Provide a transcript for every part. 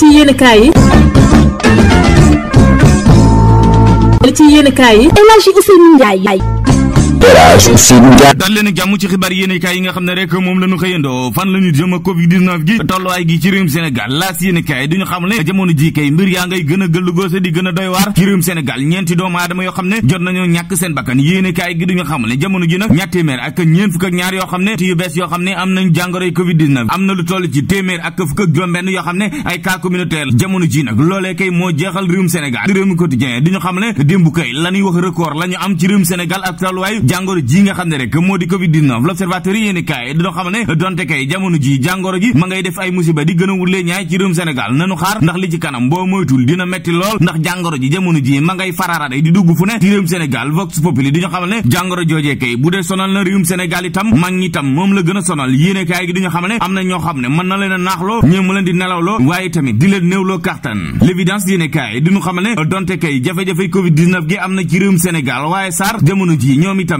ci yenn kaay yi. ci yenn kaay yi. El Hadji Elhadji Ousseynou Ndiaye dal leen jàmm ci xibaar yéenekaay yi nga xam ne rek moom la ñu xëyandoo fan la ñu jëm ak covid 19 gi tolluwaay gi ci réewum Sénégal laas yéenekaay jamono ji kay mbir yaa ngay gën a gëllugóose di gën doy waar ci réewum Sénégal ñeenti doomu aadama yoo xam ne jot nañoo ñàkk seen bakkan yéenekaay gi duñu xam ne jamono ji nag ñaar téeméer ak ñeent fukk ñaar yoo xam ne yu bees yoo xam ne am nañ jàngoroy covid 19 am na lu toll ci téeméer ak fukk ak yoo xam ne ay cas communautaire jamono ji nag loolee kay moo jeexal réewum Sénégal di réewum quotidien duñu xam ne démb kay lañuy wax record lañu am ci réewum Sénégal ak tolluwaay jàngoro ji nga xam ne rek moo di covid 19 l'observateur donte kay a wurlee ñaay a sonal yéene kaay gi na ñoo xam ne mën na leen a naaxloo ñëw mu leen di nelawloo waaye tamit di leen néewloo kàttan l'évidence yéene kaay di jafe-jafe covid 19 gi am na ci réewum Sénégal waaye saar jamono ji ñoom itam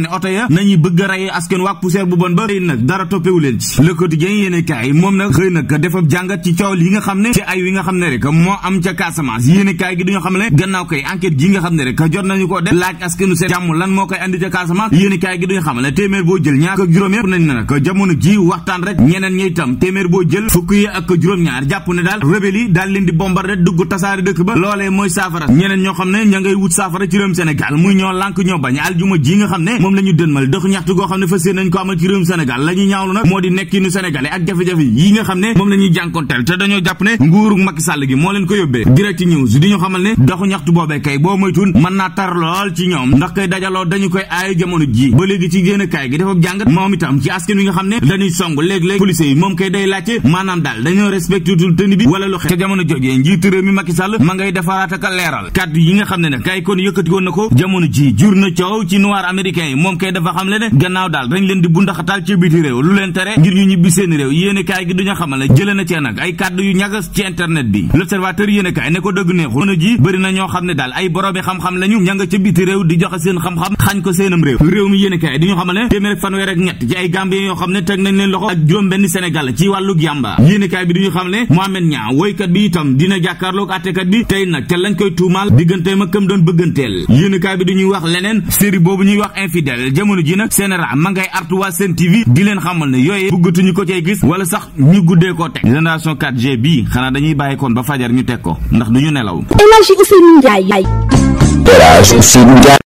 xam ne oto ya nañuy bëgg a rey askan waak bu bon ba tey nag dara toppewu ci le quotidien yéene moom nag xëy nag defab jàngat ci coow yi nga xam ne ci ay wi nga xam ne rek ñeneen ñi itam téeméer boo jël fukk yi ak juróom-ñaar jàpp ne daal rebelle yi daal leen di bombarder dugg tasaare dëkk ba loolee mooy saafara ñeneen ñoo xam ne ña ngay wut saafara ci réewum Sénégal muy ñoo lànk ñoo bañ aljuma ji nga xam ne moom la ñu dënmal dox dañu koy aayu jamono ji ba léegi ci génn kaay gi dafa jàngat moom itam ci askan wi nga xam ne dañuy song léeg-léeg police yi moom kay day laajte maanaam daal dañoo respecté tul tëni bi wala lu xew te jamono jojee njiitu réew mi Macky Sall ma ngay defaraat ak leeral kàddu yi nga xam ne kay kon yëkkati na ko jamono ji jur na coow ci noir américain yi moom kay dafa xam le ne gannaaw daal dañ leen di bundaxataal ci biti réew lu leen tere ngir ñu ñibbi seen réew yéene kaay duñu xamal jëlee ne ko dëgg a ji bëri na ñoo xam ne daal ay boroomi xam-xam lañu ña nga ca biti réew ne téeméer ak fanweer ak ñett ci ay gambien yoo xam ne teg nañ leen loxo ak juróom benn sénégal ci wàllu yàmba yéene kaay bi duñu xam ne Mohamed Niang woykat bi itam dina jàkkaarloog àttekat bi tey nag te lañ koy tuumaal digganteem ak këm doon bëgganteel yéene bi duñuy wax leneen série boobu ñuy wax infidèle Diallo jamono ji nag général ma ngay artu waa Sen TV di leen xamal ne yooyu bëggatuñu ko cay gis wala sax ñu guddee koo teg génération 4G bii xanaa dañuy bàyyi koon ba fajar ñu teg ko ndax du ñu nelaw. El Hadji Ousseynou Ndiaye. El